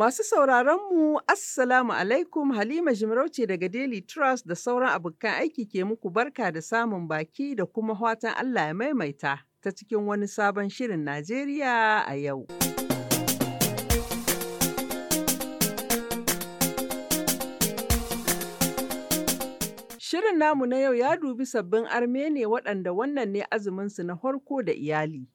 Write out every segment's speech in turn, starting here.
Masu sauraronmu, Assalamu alaikum, Halima Jimarauce daga Daily Trust da sauran abokan aiki ke muku barka da samun baki da kuma watan Allah ya maimaita ta cikin wani sabon shirin Najeriya a yau. Shirin namu na yau ya dubi sabbin arme ne waɗanda wannan ne azuminsu na farko da iyali.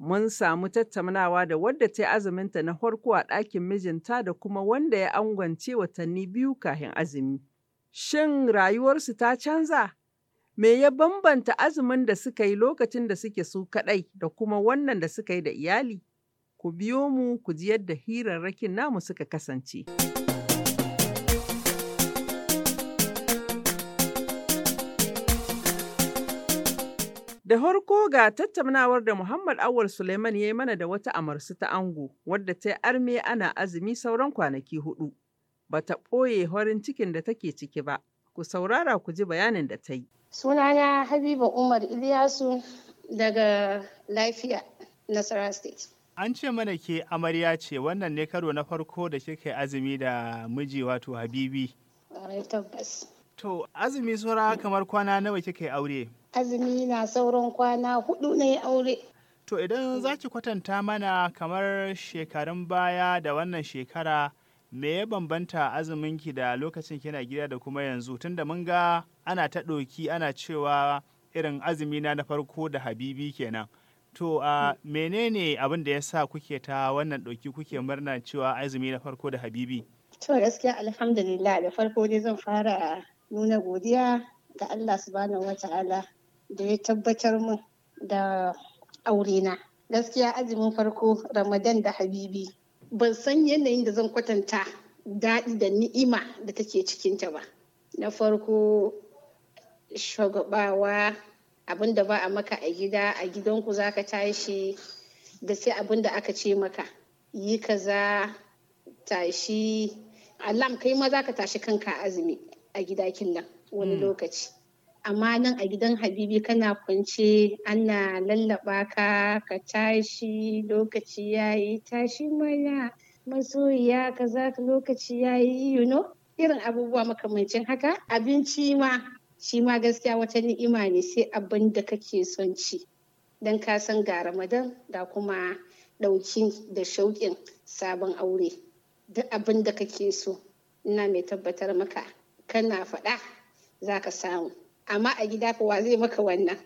mun samu tattaunawa da wadda ta yi azuminta na farko a ɗakin mijinta da kuma wanda ya angwance watanni biyu kafin azumi. Shin rayuwarsu ta canza? Me ya bambanta azumin da suka yi lokacin da suke su kaɗai da kuma wannan da suka yi da iyali? Ku biyo mu ku ji yadda hirarrakin namu suka kasance. Da harko ga tattaunawar da Muhammad Awal Suleiman ya yi mana da wata amarsu ta ango, wadda ta yi arme ana azumi sauran kwanaki hudu. ta ɓoye horin cikin da take ciki ba. Ku saurara ku ji bayanin da ta yi. Sunana Habiba Umar Ilyasu daga Lafiya, Nasara State. An ce mana ke amarya ce wannan ne karo na farko da kika azumi da miji wato Habibi. To azumi saura kamar kwana nawa kika yi aure? azumi na sauran kwana hudu na yi aure. To idan za ki kwatanta mana kamar shekarun baya da wannan shekara me ya bambanta azumin ki da lokacin kina gida da kuma yanzu tunda mun ga ana ta ɗoki ana cewa irin azumi na na farko da habibi kenan. To a menene abin da ya sa kuke ta wannan ɗoki kuke murna cewa azumi na farko da habibi? To gaskiya alhamdulillah da farko ne zan fara nuna godiya ga Allah subhanahu wa ta'ala da ya tabbatar min da aurena. Gaskiya azumin farko Ramadan da Habibi ban san yanayin da zan kwatanta daɗi da ni'ima da take ta ba. Na farko shagabawa abin da ba a maka a gida a gidanku za ka tashi da sai abin da aka ce maka yi kaza tashi alam kai ma za ka tashi kanka azumi a gidakin nan wani mm. lokaci. amma nan a gidan habibi kana kwance ana lallaba ka ka tashi lokaci ya yi tashi mana masoyiya ka lokaci ya yi you know irin abubuwa makamancin haka abinci ma shi ma gaskiya wata ni'ima ne sai abin da kake son ci don ka san ga ramadan da kuma ɗauki da shauƙin sabon aure duk abin da kake so ina mai tabbatar maka kana faɗa za ka samu amma a gida kuwa zai maka wannan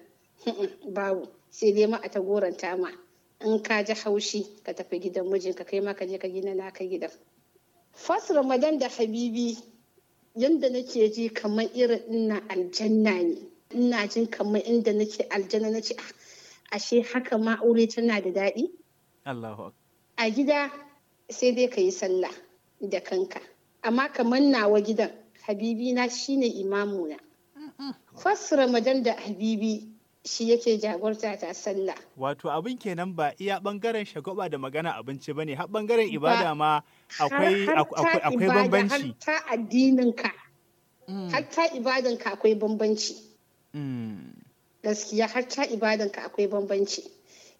babu sai dai ma a ta goranta ma in ka ji haushi ka tafi gidan mijinka kai ma ka je ka gina naka gidan fas ramadan da habibi yanda nake ji kamar irin ina aljanna ne ina jin kamar inda nake aljanna na ce ah, ashe haka ma aure tana da daɗi Allahu a gida sai dai ka yi sallah da kanka amma kamar nawa gidan habibi na shine imamuna fassu Ramadan da habibi shi yake jagorta ta sallah. Wato abin kenan ba iya bangaren shagwaba da magana abinci ba ne, har bangaren ibada ma akwai bambanci. Har ta addininka, mm. har ta ibadanka akwai bambanci. Mm. Gaskiya har ta ibadanka akwai bambanci.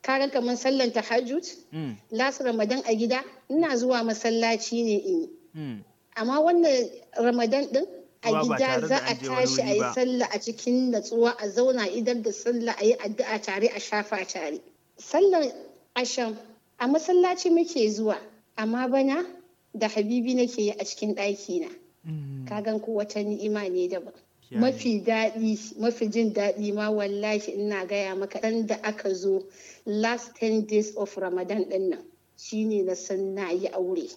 Kaga kamar sallan tahajjud, mm. lasu ramadan a gida, ina zuwa masallaci ne in yi. Amma wannan ramadan din a gida za a tashi a yi sallah a cikin natsuwa a zauna idan da sallah a yi addu'a tare a shafa tare sallar asham a masallaci muke zuwa amma bana da habibi nake yi a cikin ɗakina mm. gan ku wata ni'ima ne daban mafi daɗi mafi jin daɗi ma wallahi ina gaya maka ɗan da aka zo last ten days of ramadan ɗin nan shine na san na yi aure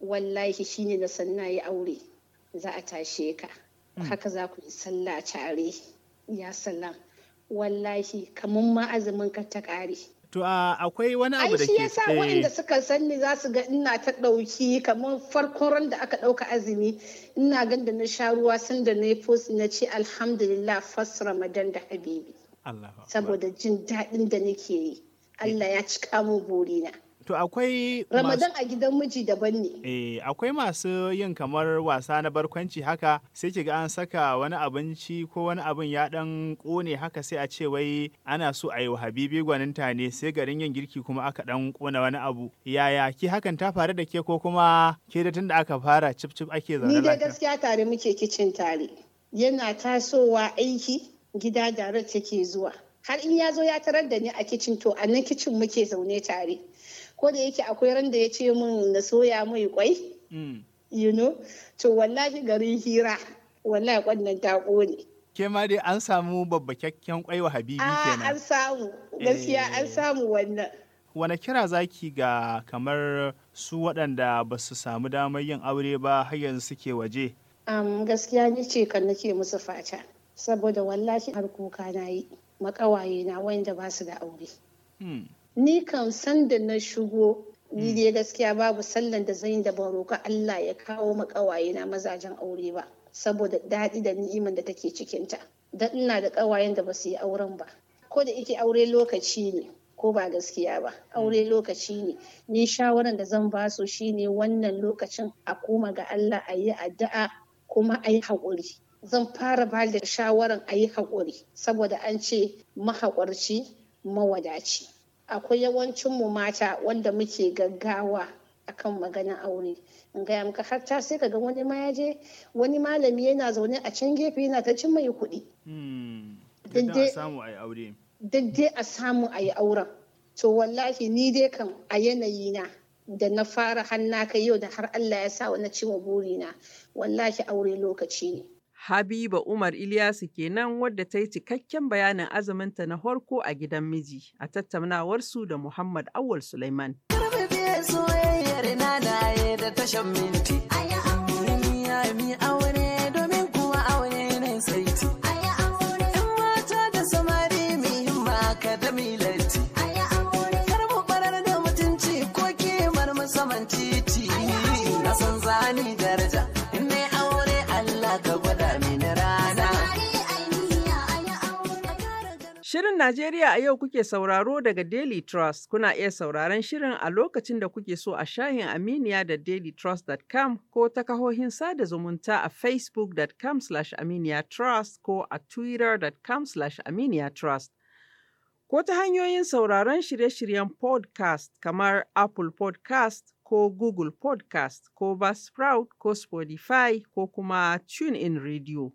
wallahi shine na san na yi aure za a tashe ka mm. haka za ku yi sallah tare ya salam wallahi kamar ma azumin ka ta kare To a akwai wani abu da ke Ai yasa eh. waɗanda suka sanni za su ga ina ta ɗauki kamar farkon ran da aka ɗauka azumi ina gan da na sha ruwa sun da na yi post na ce alhamdulillah fas ramadan da habibi. Saboda jin daɗin da nake yi. Eh. Allah ya cika mu burina. To akwai Ramadan a gidan miji daban ne. Eh akwai masu yin kamar wasa na barkwanci haka sai kiga an saka wani abinci ko wani abin ya dan kone haka sai a ce wai ana so a yi wa Habibi gwaninta ne sai garin yin girki kuma aka dan kona wani abu. Yaya ki hakan ta faru da ke ko kuma ke da tunda aka fara cip cip ake zaune Ni dai gaskiya tare muke kicin tare. Yana tasowa aiki gida direct take zuwa. Har in ya zo ya tarar da ni a kicin to a nan kicin muke zaune tare. ko da yake akwai ran da ya ce min na soya mai kwai mm. you know to wallahi garin hira wallahi kwannan ta kone ke ma dai an samu babba kyakkyan kwai wa habibi ah, kenan an samu gaskiya an eh. samu wannan wane kira zaki ga kamar su waɗanda ba su samu damar yin aure ba har yanzu suke waje gaskiya ni ce kan nake musu fata saboda wallahi har kuka na yi makawaye na wanda ba su da aure hmm. ni kan san da na shigo ni mm. dai gaskiya babu sallan da zan da ban roƙa Allah ya kawo makawaye na mazajen aure ba saboda daɗi da ni'iman da take cikinta da ina da ƙawayen da ba su yi auren ba ko da ike aure lokaci ne ko ba gaskiya ba aure mm. lokaci ne ni shawaran da zan ba su shine wannan lokacin a koma ga Allah a yi addu'a kuma a yi haƙuri zan fara ba da shawaran a yi haƙuri saboda an ce mahaƙurci mawadaci akwai yawancin mu mata wanda muke gaggawa akan maganin aure in gaya maka har ta sai ga wani ma yaje wani malami yana zaune a can gefe yana ta cin mai kuɗi. Duk dai a samu a yi auren. To wallahi ni dai kan a yanayi na da na fara hanna kai yau da har Allah ya sa wani cimma burina wallahi aure lokaci ne. Habiba Umar Ilyasu kenan wadda ta yi cikakken bayanin azuminta na horko a gidan miji a tattaunawarsu da Muhammad Awal Sulaiman. soyayya na da da tashar minti. mi aure domin kuma aure ne saiti. Yan mata da samari muhimma ka da milati. Kar mu barar da mutunci ko kimar musamman titi. Shirin Najeriya a yau kuke sauraro daga Daily Trust. Kuna iya sauraron shirin a lokacin da kuke so a shahin Aminiya da dailytrust.com ko ta kahohin sada zumunta a facebook.com slash trust ko a twitter.com slash trust Ko ta hanyoyin sauraron shirye-shiryen podcast kamar Apple podcast ko Google podcast ko Buzzsprout ko Spotify ko kuma TuneIn Radio.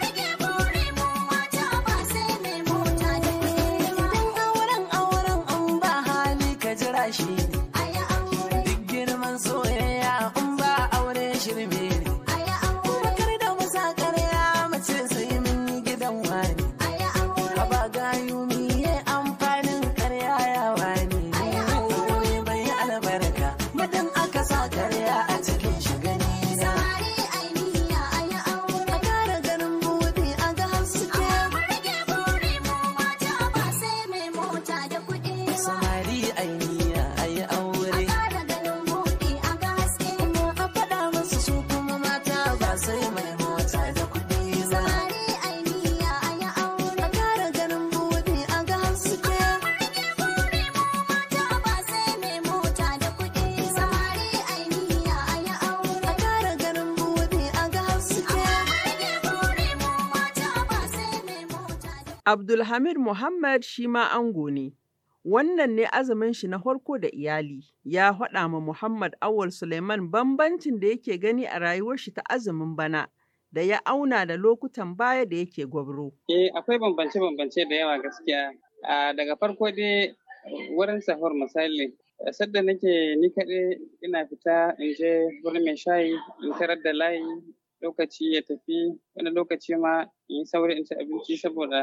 tashi duk girman soyayya Abdulhamid Mohammed shi ma ango ne. Wannan ne azumin shi na farko da iyali, ya haɗa ma Muhammad Awal Suleiman bambancin da yake gani a rayuwar shi ta azumin bana da ya auna da lokutan baya da yake gwabro. Eh akwai bambance-bambance da yawa gaskiya. Daga farko dai wurin sahur misali, sadda nake ni kaɗai ina fita in je wurin mai shayi in tarar da layi lokaci ya tafi wani lokaci ma in yi sauri in ci abinci saboda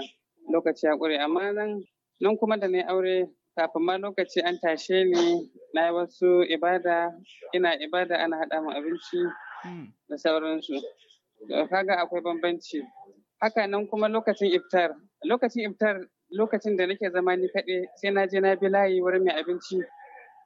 lokaci ya ƙure amma nan nan kuma da na aure kafin ma lokaci an tashe ni na yi wasu ibada ina ibada ana haɗa mu abinci hmm. da sauransu kaga akwai bambanci haka nan kuma lokacin iftar lokacin iftar lokacin da nake zama ni kaɗai sai na je na bi layi wurin mai abinci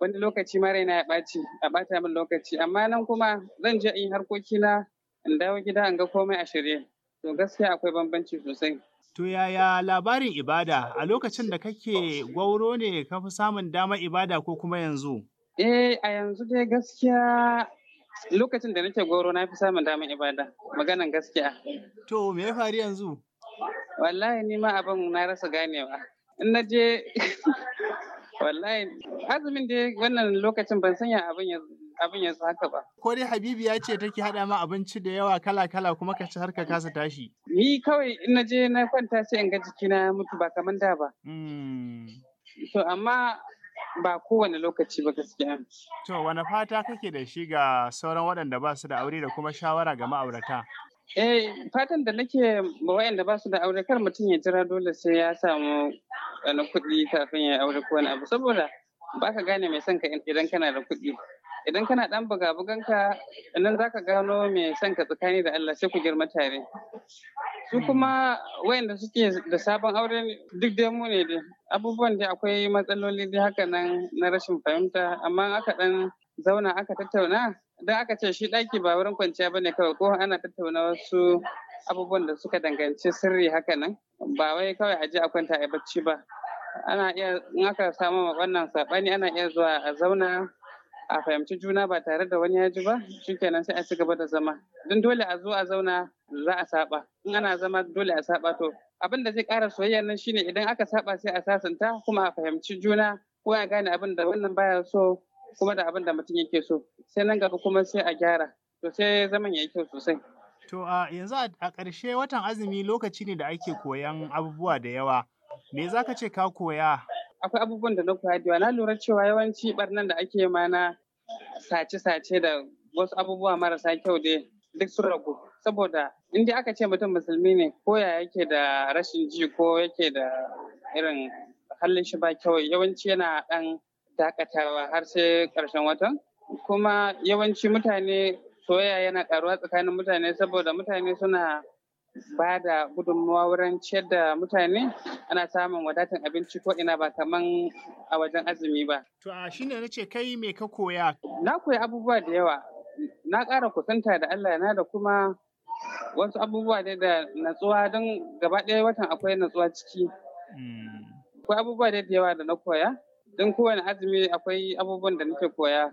wani lokaci ma raina ya ɓaci a ɓata min lokaci amma nan kuma zan je in harkokina in dawo gida in ga komai a shirye to gaskiya akwai bambanci sosai To yaya labarin ibada a lokacin da kake gwauro ne ka fi samun damar ibada ko kuma yanzu? Eh a yanzu dai gaskiya lokacin da nake gwauro na fi samun damar ibada maganan gaskiya. To me ya faru yanzu? Wallahi ni ma abin na rasa ganewa. In na je wallahi azumin dai wannan lokacin ban sanya abin abin yanzu haka ba. Ko dai Habibu ya ce take haɗa ma abinci da yawa kala-kala kuma ka ci har ka kasa tashi. Ni kawai in na je na kwanta sai in ga jikina mutu ba kamar da ba. Hmm. To amma ba kowane lokaci ba gaskiya. To Wani fata kake da shi ga sauran waɗanda ba su da aure da kuma shawara ga ma'aurata? Eh fatan da nake ba waɗanda ba su da aure kar mutum ya jira dole sai ya samu wani kuɗi kafin ya aure ko wani abu saboda ba ka gane mai son ka idan kana da kuɗi. idan kana dan buga buganka nan zaka gano mai son ka tsakani da Allah sai ku girma tare su kuma wayanda suke da sabon aure duk dai mu ne dai abubuwan da akwai matsaloli dai haka nan na rashin fahimta amma aka dan zauna aka tattauna don aka ce shi daki ba wurin kwanciya bane kawai ko ana tattauna wasu abubuwan da suka danganci sirri haka nan ba wai kawai aje a kwanta a bacci ba ana iya in aka samu wannan saɓani ana iya zuwa a zauna a fahimci juna ba tare da wani ya ji ba kenan sai a ci gaba da zama don dole a zo a zauna za a saba in ana zama dole a saba to abin da zai ƙara soyayya nan shine idan aka saba sai a sasanta kuma a fahimci juna ko ya gane abin da wannan baya so kuma da abin da mutum yake so sai nan gaba kuma sai a gyara to sai zaman yayi kyau sosai to a yanzu a ƙarshe watan azumi lokaci ne da ake koyan abubuwa da yawa me zaka ce ka koya akwai abubuwan da na koya na lura cewa yawanci barnan da ake mana sace-sace da wasu abubuwa marasa kyau dai duk sun ragu saboda in dai aka ce mutum musulmi ne ko ya yake da rashin ji ko yake da irin halin shi ba kyau yawanci yana dan dakatawa har sai karshen watan kuma yawanci mutane soyayya yana karuwa tsakanin mutane saboda mutane suna ba da gudunmuwa wurin ciyar da mutane ana samun wadatan abinci ko ina ba kaman a wajen azumi ba. To a shi ne nace kai me ka koya? Na koya abubuwa da yawa. Na ƙara kusanta da Allah na da kuma wasu abubuwa ne da natsuwa don gaba ɗaya watan akwai natsuwa ciki. Hmm. Akwai abubuwa da yawa da na koya. Don kowane azumi akwai abubuwan da nake koya.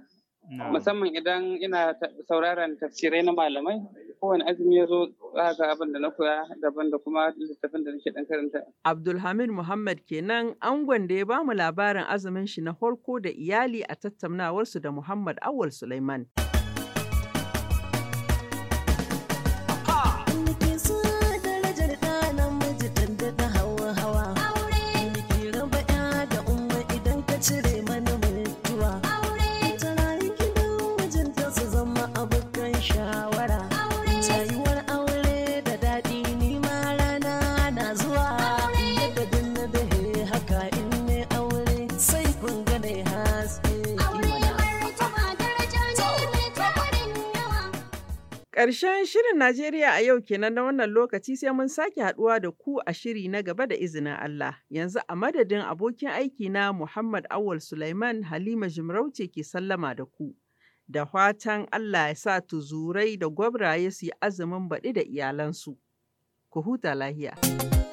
Musamman idan ina sauraron tafsirai na malamai. kowane azumi ya zo ga abin da na koya daban da kuma littafin da nake dan karanta. Abdulhamid Muhammad kenan angon da ya ba mu labarin azumin shi na farko da iyali a tattaunawarsu da Muhammad Awal Sulaiman. Ƙarshen shirin Najeriya a yau kenan na wannan lokaci sai mun sake haɗuwa da ku a shiri na gaba da izinin Allah. Yanzu a madadin abokin aiki na Muhammad Awul Sulaiman Halima Jimarauce ke sallama da ku. Da fatan Allah ya sa tuzurai da gwabraye su yi azumin baɗi da iyalansu. Ku huta lahiya.